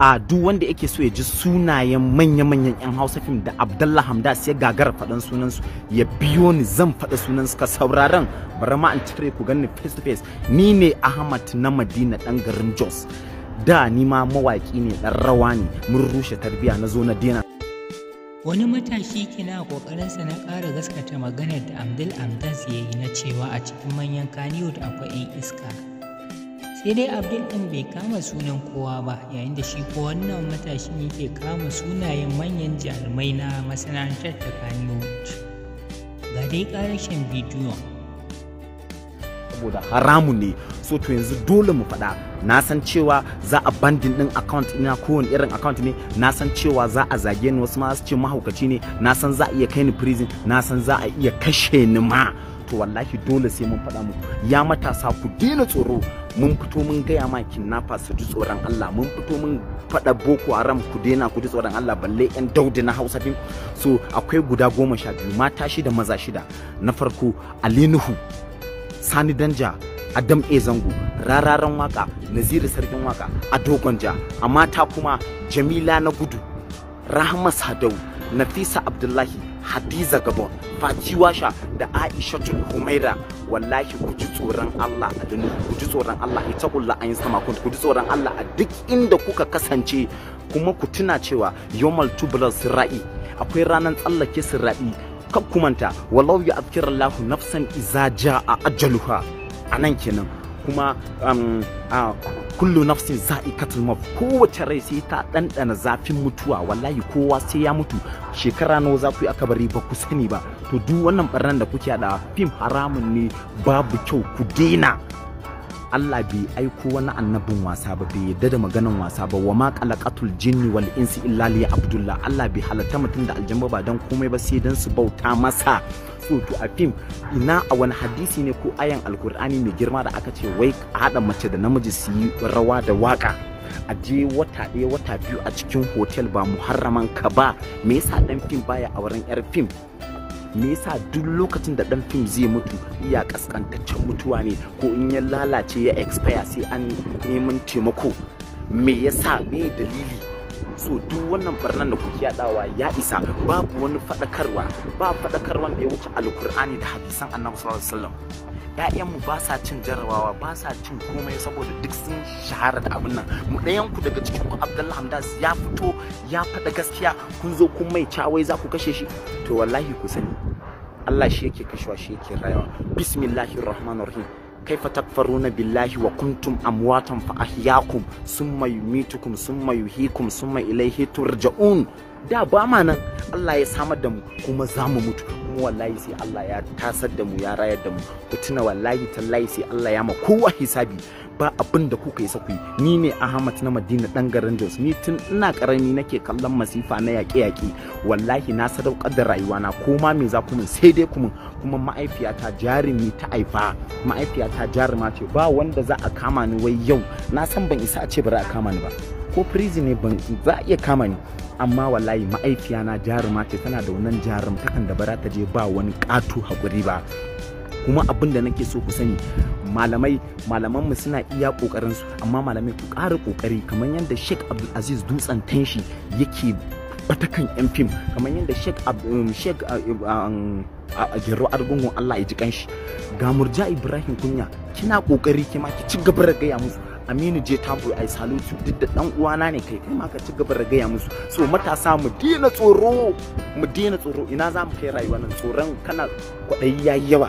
a duk wanda yake so ya ji sunayen manya-manyan 'yan hausa fim da abdallah hamdas ya gagara faɗan sunansu ya biyo ni zan faɗa sunan ka sauraron bari ma an cire ku ganni face to face ni ne ahmad na madina ɗan garin jos da ni ma mawaƙi ne ɗan rawa ne mun rushe tarbiyya na zo na dina wani matashi kina kokarinsa na ƙara gaskata maganar da abdul amdas ya yi na cewa a cikin manyan kaniyo da akwai 'yan iska sai dai abdul ɗin bai kama sunan kowa ba yayin da shi ko wannan matashin yake kama sunayen manyan jarumai na masana'antar ta kaniwood ga dai ƙarashin bidiyon saboda haramu ne so to yanzu dole mu faɗa na san cewa za a bandin din account ina kowane irin account ne na san cewa za a zage ni wasu ma su ce mahaukaci ne na san za a iya kai ni prison na san za a iya kashe ni ma to wallahi dole sai mun faɗa mu ya matasa ku daina tsoro mun fito mun gaya ma kinnafa su ji tsoron Allah mun fito mun faɗa boko haram ku daina ku ji tsoron Allah balle yan daudi na Hausa din so akwai guda goma sha biyu mata shida maza shida na farko Alinuhu, Sani Danja Adam A Zango rararan waka Naziru sarkin waka Ado Gwanja a mata kuma Jamila na gudu Rahama Sadau Nafisa Abdullahi hadiza gabon faci washa da tun humaira wallahi ku ji tsoron allah a dunni ku ji tsoron allah ita kullu an sama ku ji tsoron allah a duk inda kuka kasance kuma ku tuna cewa yomal sira'i sirai akwai ranar tsallake sira'i kan kumanta walau ya afkirar nafsan iza ja'a ajaluha a nan kenan kuma um, kullu nafsin za'iqatul maut kowace rai sai ta ɗanɗana zafin mutuwa wallahi kowa sai ya mutu shekara nawa za ku yi akabari ba ku sani ba to duk wannan barnan da kuke da fim haramun ne babu kyau ku daina Allah bai aiko wani annabin wasa ba bai yadda da maganan wasa ba wa ma qalaqatul jinni wal insi illa li abdullah Allah bai halatta mutum da aljanna ba dan komai ba sai dan su bauta masa so to a fim ina a wani hadisi ne ko ayan alkur'ani mai girma da aka ce wai a haɗa mace da namiji su yi rawa da waka a je wata ɗaya wata biyu a cikin hotel ba muharraman ka ba me yasa ɗan fim baya a wurin yar fim me yasa duk lokacin da ɗan fim zai mutu iya kaskantaccen mutuwa ne ko in ya lalace ya expire sai an neman taimako me yasa me dalili so duk wannan barnan da kuke yadawa ya isa babu wani fadakarwa ba fadakarwa da ya wuce alkur'ani da hadisan annabi sallallahu alaihi wasallam ƴaƴanmu ba sa cin jarrabawa ba sa cin komai saboda duk sun shahara da abin nan mu ɗayan ku daga cikin ku Abdullahi Hamdas ya fito ya faɗa gaskiya kun zo kun mai cawai za ku kashe shi to wallahi ku sani Allah shi yake kashewa shi yake rayuwa bismillahir rahmanir rahim kaifa na billahi wa kuntum amwatan fa ahyakum summa yumitukum summa yuhikum summa ilaihi turja'un da ba ma nan Allah ya samar da mu kuma za mu mutu kuma wallahi sai Allah ya tasar da mu ya rayar da mu ku tuna wallahi tallahi sai Allah ya ma kowa hisabi ba abin da kuka yi kuyi ni ne Ahmad na Madina dan garin Jos ni tun ina karami nake kallon masifa na yaƙe yaƙe wallahi na sadaukar da rayuwana ko ma me za ku min sai dai ku min kuma ma'aifiyata jarumi ta aifa ma'aifiyata jaruma ce ba wanda za a kama ni wai yau na san ban isa a ce bari a kama ni ba ko prison ne ban za a iya kama ni amma wallahi ma'aikiya na jaruma ce tana da wannan jarum jarumtakan da bara ta je ba wani katu hakuri ba kuma abin da nake so ku sani malamai malaman mu suna iya kokarin su amma malamai ku ƙara kokari kamar yadda Sheikh Abdul Aziz Dutsen Tanshi yake batakan yan fim kamar yadda Sheikh um, Sheikh uh, um, um, a gero argungun Allah ya ji kanshi ga Murja Ibrahim Kunya kina kokari kima ki ci gaba da gaya musu aminu je tabu a salutu duk da dan uwana ne kai kai ma ka ci gaba da gaya musu so matasa mu dina tsoro mu dina tsoro ina za mu kai rayuwa nan tsoron kana kwaɗayi yayi yawa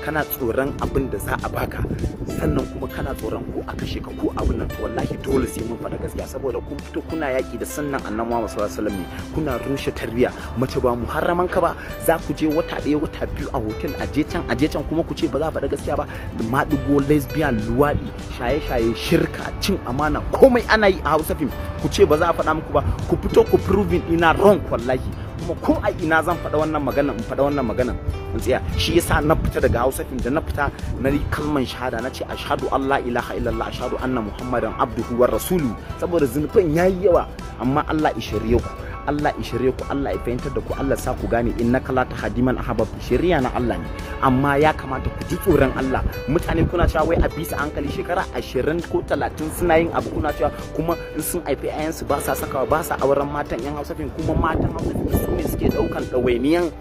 kana tsoron abin da za a baka sannan kuma kana tsoron ko a kashe ka ko abin nan to wallahi dole sai mun faɗa gaskiya saboda kun fito kuna yaki da sannan annabawa Muhammad sallallahu alaihi kuna rushe tarbiya mace ba muharraman ka ba za ku je wata ɗaya wata biyu a hotel a je can a je can kuma ku ce ba za a faɗa gaskiya ba maɗigo lesbian luwaɗi shaye-shaye shirka cin amana komai ana yi a Hausa fim ku ce ba za a faɗa muku ba ku fito ku proving ina wrong wallahi kuma ko a ina zan faɗa wannan maganan in faɗa wannan maganan in tsaya shi yasa na fita daga Hausa fim da na fita na yi kalman shahada na ce ashhadu Allah ilaha illallah ashhadu anna muhammadan abduhu wa rasulu saboda zunufin yayi yawa amma Allah ya shirye ku Allah ya shirye ku Allah ya fahimtar da ku Allah sa ku gane kala ta hadiman ahbab shiriya na Allah ne amma ya kamata ku ji tsoron Allah mutane kuna cewa wai a bisa hankali shekara 20 ko 30 suna yin abu kuna cewa kuma in sun haifi ayansu ba sa sakawa ba sa auren matan yan Hausa kuma matan Hausa suke ɗaukan ɗawainiyan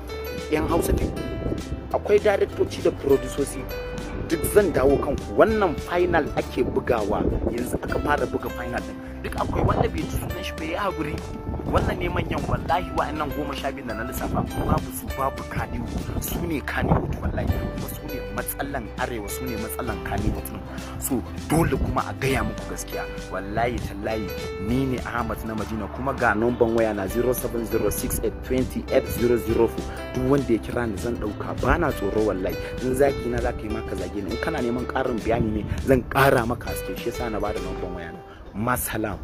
'yan hausa ne akwai daraktoci da furodusosi duk zan dawo kanku wannan final ake bugawa yanzu aka fara buga final din duk akwai wanda bai ci sunan shi bai yi haƙuri wannan ne manyan wallahi wa'annan goma sha biyu da na lissafa babu su babu kaniwu su ne kaniwu wallahi kuma su ne matsalan arewa su ne matsalan kaniwu so dole kuma a gaya muku gaskiya wallahi tallahi ni ne ahmad na madina kuma ga numban waya na 0706820 duk wanda ya kira ni zan dauka bana tsoro wallahi in zaki na zaka yi maka zage ni in kana neman karin bayani ne zan kara maka haske shi yasa na bada numban waya na masalam